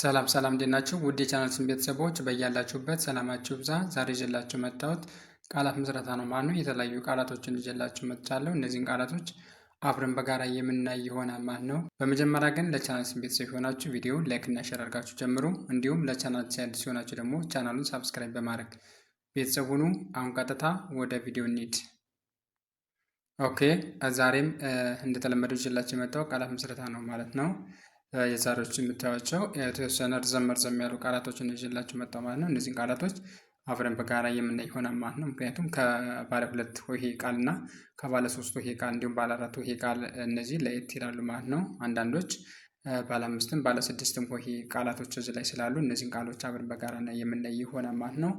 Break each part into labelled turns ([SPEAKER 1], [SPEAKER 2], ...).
[SPEAKER 1] ሰላም ሰላም እንዴት ናችሁ? ውድ የቻናላችን ቤተሰቦች በያላችሁበት ሰላማችሁ ብዛ። ዛሬ ይዤላችሁ መጣሁት ቃላት ምስረታ ነው ማለት ነው። የተለያዩ ቃላቶችን ይዤላችሁ መጥቻለሁ። እነዚህን ቃላቶች አብረን በጋራ የምናይ ይሆናል ማለት ነው። በመጀመሪያ ግን ለቻናላችን ቤተሰብ የሆናችሁ ቪዲዮ ላይክ እና ሼር አድርጋችሁ ጀምሩ። እንዲሁም ለቻናላችን አዲስ ሲሆናችሁ ደግሞ ቻናሉን ሳብስክራይብ በማድረግ ቤተሰብ ሁኑ። አሁን ቀጥታ ወደ ቪዲዮ እንሂድ። ኦኬ ዛሬም እንደተለመደው ይዤላችሁ የመጣው ቃላት ምስረታ ነው ማለት ነው። የዛሬዎች የምታዩቸው የተወሰነ ርዘም ርዘም ያሉ ቃላቶችን ይዤላችሁ መጣሁ ማለት ነው። እነዚህን ቃላቶች አብረን በጋራ የምናይ ይሆናል ማለት ነው። ምክንያቱም ከባለ ሁለት ሆሄ ቃል እና ከባለ ሶስት ሆሄ ቃል እንዲሁም ባለ አራት ሆሄ ቃል እነዚህ ለየት ይላሉ ማለት ነው። አንዳንዶች ባለ አምስትም ባለ ስድስትም ሆሄ ቃላቶች እዚህ ላይ ስላሉ እነዚህን ቃሎች አብረን በጋራ የምናይ ይሆናል ማለት ነው።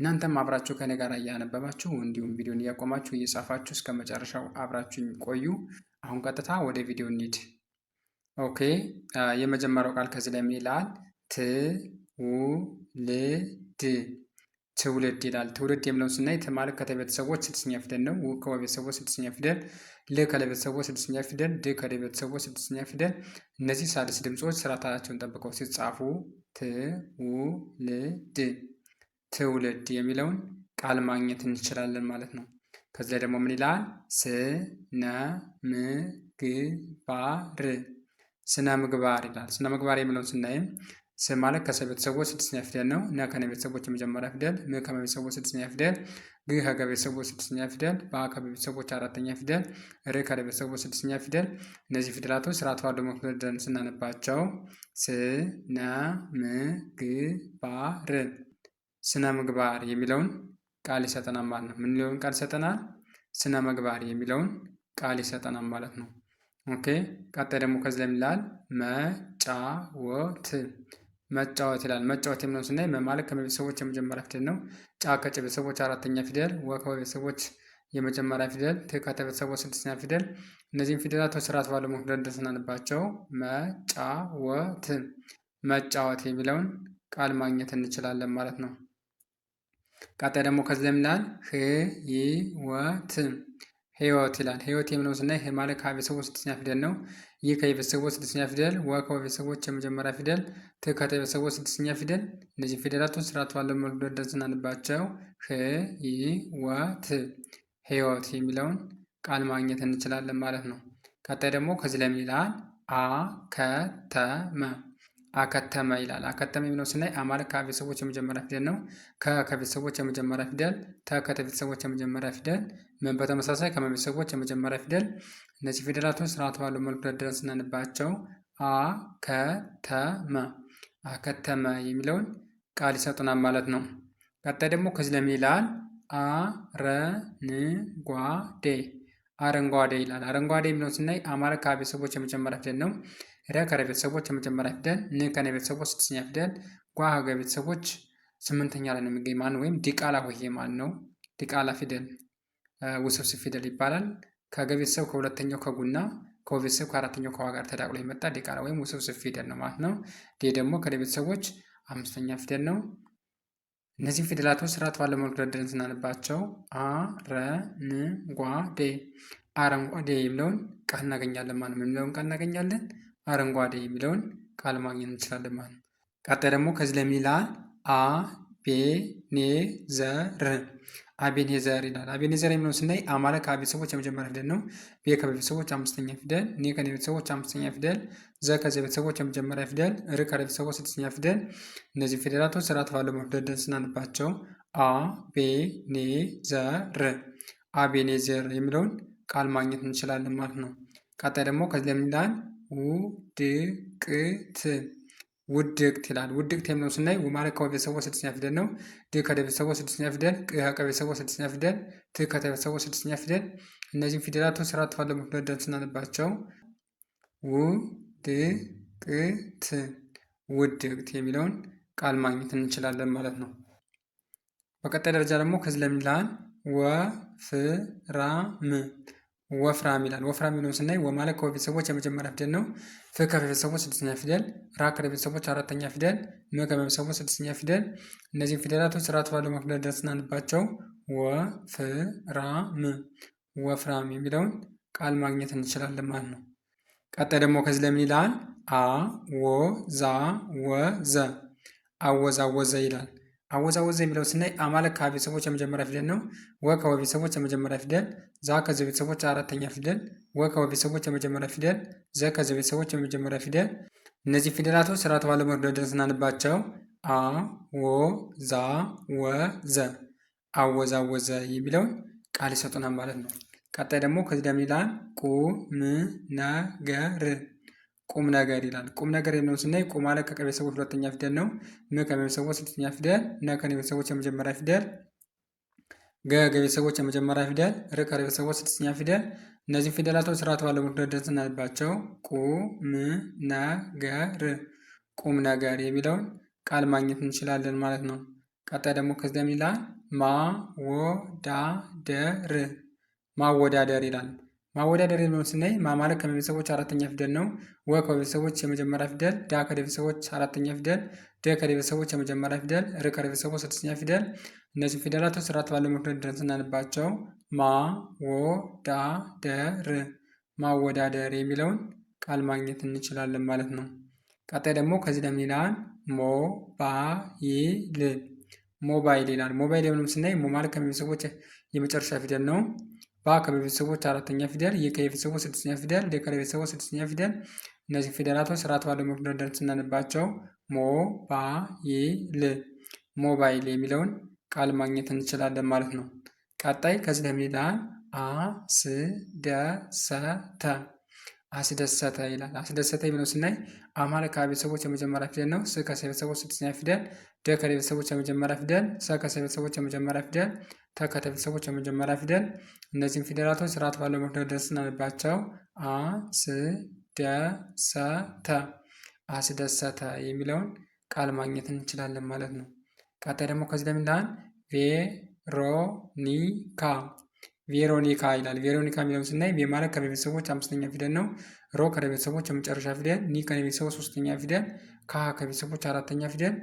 [SPEAKER 1] እናንተም አብራችሁ ከኔ ጋር እያነበባችሁ እንዲሁም ቪዲዮን እያቆማችሁ እየጻፋችሁ እስከ መጨረሻው አብራችሁኝ ቆዩ። አሁን ቀጥታ ወደ ቪዲዮ እንሂድ። ኦኬ የመጀመሪያው ቃል ከዚህ ላይ ምን ይላል? ትውልድ ትውልድ ይላል። ትውልድ የሚለውን ስናይ ት ማለት ከተ ቤተሰቦች ስድስተኛ ፊደል ነው። ው ከወ ቤተሰቦች ስድስተኛ ፊደል፣ ል ከለ ቤተሰቦች ስድስተኛ ፊደል፣ ድ ከደ ቤተሰቦች ስድስተኛ ፊደል። እነዚህ ሳድስ ድምፆች ስርዓታቸውን ጠብቀው ሲጻፉ ትውልድ ትውልድ የሚለውን ቃል ማግኘት እንችላለን ማለት ነው። ከዚህ ላይ ደግሞ ምን ይላል? ስነ ምግባር ስነ ምግባር ይላል። ስነ ምግባር የሚለውን ስናይም ስ ማለት ከሰ ቤተሰቦች ስድስተኛ ፊደል ነው። ነ ከነ ቤተሰቦች የመጀመሪያ ፊደል፣ ም ከመ ቤተሰቦች ስድስተኛ ፊደል፣ ግ ከገ ቤተሰቦች ስድስተኛ ፊደል፣ በ ከበ ቤተሰቦች አራተኛ ፊደል፣ ር ከረ ቤተሰቦች ስድስተኛ ፊደል። እነዚህ ፊደላቶች ስርዓት ባለው መልኩ ስናነባቸው ስነ ምግባር ስነ ምግባር የሚለውን ቃል ይሰጠናል ማለት ነው። ምን ሊሆን ቃል ይሰጠናል? ስነ ምግባር የሚለውን ቃል ይሰጠናል ማለት ነው። ኦኬ ቀጣይ ደግሞ ከዚህ ላይ የሚላል መጫወት መጫወት ይላል። መጫወት የሚለውን ስናይ መማለት ከመቤተሰቦች የመጀመሪያ ፊደል ነው። ጫ ከጭ ቤተሰቦች አራተኛ ፊደል፣ ወ ከቤተሰቦች የመጀመሪያ ፊደል፣ ት ቤተሰቦች ስድስተኛ ፊደል። እነዚህም ፊደላት ስርዓት ባለው መልኩ እንደተናንባቸው መጫወት መጫወት የሚለውን ቃል ማግኘት እንችላለን ማለት ነው። ቀጣይ ደግሞ ከዚህ ላይ የሚላል ህይወት ህይወት ይላል። ህይወት የምነው ስናይ ይህ ማለት ከቤተሰቦች ስድስተኛ ፊደል ነው። ይህ ከቤተሰቦች ስድስተኛ ፊደል፣ ወ ከቤተሰቦች የመጀመሪያ ፊደል፣ ት ከቤተሰቦች ስድስተኛ ፊደል። እነዚህ ፊደላቶች ስርዓት ባለው መልኩ ደርደን ስናነባቸው ህይወት ህይወት የሚለውን ቃል ማግኘት እንችላለን ማለት ነው። ቀጣይ ደግሞ ከዚህ ለምን ይላል አከተመ አከተመ ይላል። አከተመ የሚለው ስናይ አማለት ከቤተሰቦች የመጀመሪያ ፊደል ነው። ከ ከቤተሰቦች የመጀመሪያ ፊደል፣ ተ ከቤተሰቦች የመጀመሪያ ፊደል በተመሳሳይ ከመቤተሰቦች የመጀመሪያ ፊደል እነዚህ ፊደላቶች ስርዓት ባለው መልኩ ደርድረን ስናነባቸው አ ከተመ አከተመ የሚለውን ቃል ይሰጡናል ማለት ነው። ቀጣይ ደግሞ ከዚህ ለምን ይላል? አረንጓዴ አረንጓዴ ይላል። አረንጓዴ የሚለውን ስናይ አማረ ከቤተሰቦች የመጀመሪያ ፊደል ነው። ረ ከቤተሰቦች የመጀመሪያ ፊደል፣ ን ከነ ቤተሰቦች ስድስተኛ ፊደል፣ ጓ ከቤተሰቦች ስምንተኛ ላይ ነው የሚገኝ ማን ወይም ዲቃላ ወይ ማን ነው ዲቃላ ፊደል ውስብስብ ፊደል ይባላል። ከገ ቤተሰብ ከሁለተኛው ከጉና ከወ ቤተሰብ ከአራተኛው ከዋ ጋር ተዳቅሎ የመጣ ዲቃላ ወይም ውስብስብ ፊደል ነው ማለት ነው። ዴ ደግሞ ከደ ቤተሰቦች አምስተኛ ፊደል ነው። እነዚህም ፊደላቶች ስርዓት ባለው መልኩ ደርድረን ስናነባቸው አ ረ ን ጓ ዴ አረንጓዴ የሚለውን ቃል እናገኛለን ማለት የሚለውን ቃል እናገኛለን። አረንጓዴ የሚለውን ቃል ማግኘት እንችላለን ማለት ነው። ቀጣይ ደግሞ ከዚህ ለሚል ይላል አ ቤኔዘር አቤኔዘር ይላል። አቤኔዘር የሚለውን ስናይ አማለ ከቤተሰቦች የመጀመሪያ ፊደል ነው። ቤ ከቤተሰቦች አምስተኛ ፊደል፣ ኔ ቤተሰቦች አምስተኛ ፊደል፣ ዘ ከዚ ቤተሰቦች የመጀመሪያ ፊደል፣ ር ከቤተሰቦች ስድስተኛ ፊደል። እነዚህ ፊደላቶች ስርዓት ባለው መፍደል ስናንባቸው አቤኔዘር አቤኔዘር የሚለውን ቃል ማግኘት እንችላለን ማለት ነው። ቀጣይ ደግሞ ከዚህ ለሚላል ውድቅት ውድቅት ይላል። ውድቅት የሚለውን ስናይ ማለት ከቤተሰቦ ስድስተኛ ፊደል ነው። ድ ከቤተሰቦ ስድስተኛ ፊደል፣ ቅ ከቤተሰቦ ስድስተኛ ፊደል፣ ት ከቤተሰቦ ስድስተኛ ፊደል። እነዚህም ፊደላት ስራ ተፋለ መክደደን ስናነባቸው ውድቅት ውድቅት የሚለውን ቃል ማግኘት እንችላለን ማለት ነው። በቀጣይ ደረጃ ደግሞ ከዚህ ለሚልሃል ወፍራም ወፍራም ይላል። ወፍራም የሚለውን ስናይ ወ ማለት ከወ ቤተሰቦች የመጀመሪያ ፊደል ነው። ፍ ከቤተሰቦች ስድስተኛ ፊደል፣ ራ ከቤተሰቦች አራተኛ ፊደል፣ መ ከቤተሰቦች ስድስተኛ ፊደል። እነዚህም ፊደላቶች ስርዓት ባለው መክደል ድረስ ወፍራም ወፍራም የሚለውን ቃል ማግኘት እንችላለን ማለት ነው። ቀጣይ ደግሞ ከዚህ ለምን ይላል? አወዛወዘ አወዛወዘ ይላል። አወዛወዘ የሚለውን ስናይ አማለ ለከ ቤተሰቦች የመጀመሪያ ፊደል ነው። ወ ከወ ቤተሰቦች የመጀመሪያ ፊደል። ዛ ከዘ ቤተሰቦች አራተኛ ፊደል። ወ ከወ ቤተሰቦች የመጀመሪያ ፊደል። ዘ ከዘ ቤተሰቦች የመጀመሪያ ፊደል። እነዚህ ፊደላቶች ስርዓተ ባለው መርዶድን ስናንባቸው አ ወ ዛ ወ ዘ አወዛወዘ የሚለውን ቃል ይሰጡናል ማለት ነው። ቀጣይ ደግሞ ከዚህ ደም ይላል ቁም ነገር ቁም ነገር ይላል። ቁም ነገር የሚለውን ስናይ ቁም አለ ከቀ ሁለተኛ ፊደል ነው። ም ከቤተሰቦች ስድስተኛ ፊደል፣ ነ ከቤተሰቦች የመጀመሪያ ፊደል፣ ገ ከቤተሰቦች የመጀመሪያ ፊደል፣ ር ከቤተሰቦች ስድስተኛ ፊደል። እነዚህ ፊደላቶች ስርዓት ባለው መንገድ ደስ እናነባቸው። ቁም ነገር ቁም ነገር የሚለውን ቃል ማግኘት እንችላለን ማለት ነው። ቀጣይ ደግሞ ከዚያም ይላል ማወዳደር ማወዳደር ይላል። ማወዳደር የሚለውን ስናይ ማማለት ከቤተሰቦች አራተኛ ፊደል ነው። ወ ከቤተሰቦች የመጀመሪያ ፊደል፣ ዳ ከቤተሰቦች አራተኛ ፊደል፣ ደ ከቤተሰቦች የመጀመሪያ ፊደል፣ ር ከቤተሰቦች ስድስተኛ ፊደል። እነዚህ ፊደላት ስርዓት ባለው መክደድ ድረስ ስናነባቸው ማ ወ ዳ ደ ር ማወዳደር የሚለውን ቃል ማግኘት እንችላለን ማለት ነው። ቀጣይ ደግሞ ከዚህ ደግሞ ይላል ሞ ባ ይ ል ሞባይል ይላል። ሞባይል የምንም ስናይ ሞ ማለት ከቤተሰቦች የመጨረሻ ፊደል ነው። ባ ከቤተሰቦች አራተኛ ፊደል፣ የ ከቤተሰቦች ስድስተኛ ፊደል፣ ደ ከቤተሰቦች ስድስተኛ ፊደል። እነዚህ ፊደላቶች ስርዓት ባለው መደርደር ስናነባቸው ሞ ባ ይ ል ሞባይል የሚለውን ቃል ማግኘት እንችላለን ማለት ነው። ቀጣይ ከዚህ ለሚላል አ ስ ደ ሰ ተ አስደሰተ ይላል። አስደሰተ የሚለው ስናይ አማረ ከቤተሰቦች የመጀመሪያ ፊደል ነው። ስ ከቤተሰቦች ስድስተኛ ፊደል፣ ደ ቤተሰቦች የመጀመሪያ ፊደል፣ ሰ ከቤተሰቦች የመጀመሪያ ፊደል ተ ከተ ቤተሰቦች የመጀመሪያ ፊደል። እነዚህም ፊደላቶች ስርዓት ባለው መልኩ ደስ እናነባቸው። አ ስ ደ ሰ ተ አስደሰተ የሚለውን ቃል ማግኘት እንችላለን ማለት ነው። ቀጣይ ደግሞ ከዚህ ለምንዳን ቬሮኒካ ቬሮኒካ ይላል። ቬሮኒካ የሚለውን ስናይ ቬ ማለት ከቤተሰቦች አምስተኛ ፊደል ነው። ሮ ከቤተሰቦች የመጨረሻ ፊደል፣ ኒ ከቤተሰቦች ሶስተኛ ፊደል፣ ካ ከቤተሰቦች አራተኛ ፊደል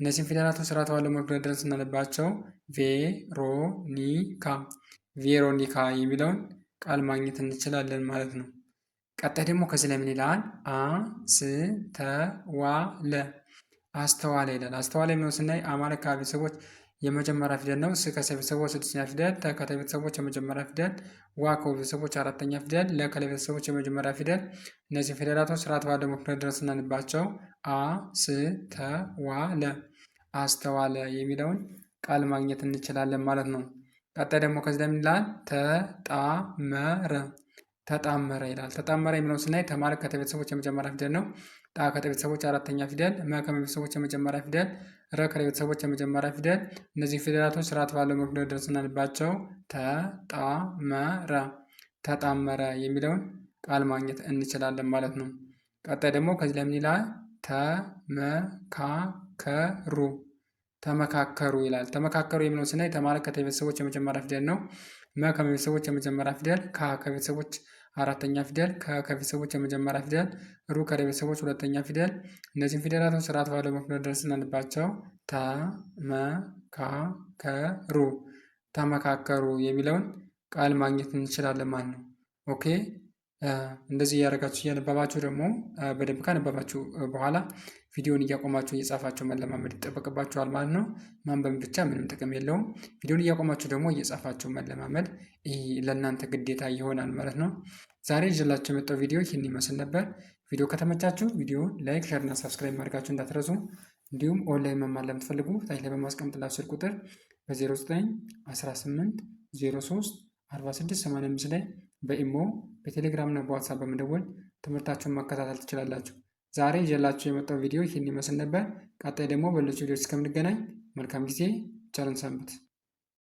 [SPEAKER 1] እነዚህም ፊደላቶች ስርዓት ባለው መልኩ ደርድረን ስናነባቸው ቬሮኒካ ቬሮኒካ የሚለውን ቃል ማግኘት እንችላለን ማለት ነው። ቀጣይ ደግሞ ከዚህ ለምን ይላል? አስተዋለ አስተዋለ ይላል። አስተዋለ የሚለውን ስናይ አማራ አካባቢ ሰዎች የመጀመሪያ ፊደል ነው። ስ ከሰ ቤተሰቦች ስድስተኛ ፊደል፣ ተ ከተ ቤተሰቦች የመጀመሪያ ፊደል፣ ዋ ከወ ቤተሰቦች አራተኛ ፊደል፣ ለ ከለ ቤተሰቦች የመጀመሪያ ፊደል። እነዚህ ፊደላቶች ስርዓት ባለው መክፈል ድረስ እናንባቸው። አ ስ ተ ዋ ለ አስተዋለ የሚለውን ቃል ማግኘት እንችላለን ማለት ነው። ቀጣይ ደግሞ ከዚህ ለሚላል ተጣመረ ተጣመረ ይላል። ተጣመረ የሚለውን ስናይ ተማረ ከተ ቤተሰቦች የመጀመሪያ ፊደል ነው። ጣ ቤተሰቦች አራተኛ ፊደል፣ መ ከመቤተሰቦች የመጀመሪያ ፊደል፣ ረ ከረቤተሰቦች የመጀመሪያ ፊደል። እነዚህ ፊደላቶች ስርዓት ባለው መልኩ ደርድረን ስናነባቸው ተጣመረ ተጣመረ የሚለውን ቃል ማግኘት እንችላለን ማለት ነው። ቀጣይ ደግሞ ከዚህ ለምን ይላል? ተመካከሩ ተመካከሩ ይላል። ተመካከሩ የሚለውን ስናይ ተማረ ከቤተሰቦች የመጀመሪያ ፊደል ነው። መ ከቤተሰቦች የመጀመሪያ ፊደል፣ ካ ከቤተሰቦች አራተኛ ፊደል፣ ከ ከቤተሰቦች የመጀመሪያ ፊደል፣ ሩ ከቤተሰቦች ሁለተኛ ፊደል። እነዚህን ፊደላትን ስርዓት ባለው መፍለድ ደርስ እናንባቸው። ተመካከሩ ተመካከሩ የሚለውን ቃል ማግኘት እንችላለን ማለት ነው። ኦኬ እንደዚህ እያደረጋችሁ እያነበባችሁ ደግሞ በደንብ ካነበባችሁ በኋላ ቪዲዮን እያቆማችሁ እየጻፋችሁ መለማመድ ይጠበቅባችኋል ማለት ነው። ማንበብ ብቻ ምንም ጥቅም የለውም። ቪዲዮን እያቆማችሁ ደግሞ እየጻፋችሁ መለማመድ ለእናንተ ግዴታ ይሆናል ማለት ነው። ዛሬ ይዤላችሁ የመጣው ቪዲዮ ይህን ይመስል ነበር። ቪዲዮ ከተመቻችሁ ቪዲዮ ላይክ፣ ሸር እና ሰብስክራይብ ማድረጋችሁ እንዳትረሱ። እንዲሁም ኦንላይን መማር ለምትፈልጉ ታች ላይ በማስቀምጥላችሁ ስልክ ቁጥር በ0918 03 4685 ላይ በኢሞ በቴሌግራም እና በዋትሳፕ በመደወል ትምህርታችሁን መከታተል ትችላላችሁ። ዛሬ ይዤላችሁ የመጣው ቪዲዮ ይህን ይመስል ነበር። ቀጣይ ደግሞ በሌሎች ቪዲዮዎች እስከምንገናኝ መልካም ጊዜ፣ ቸርን ሰንብት።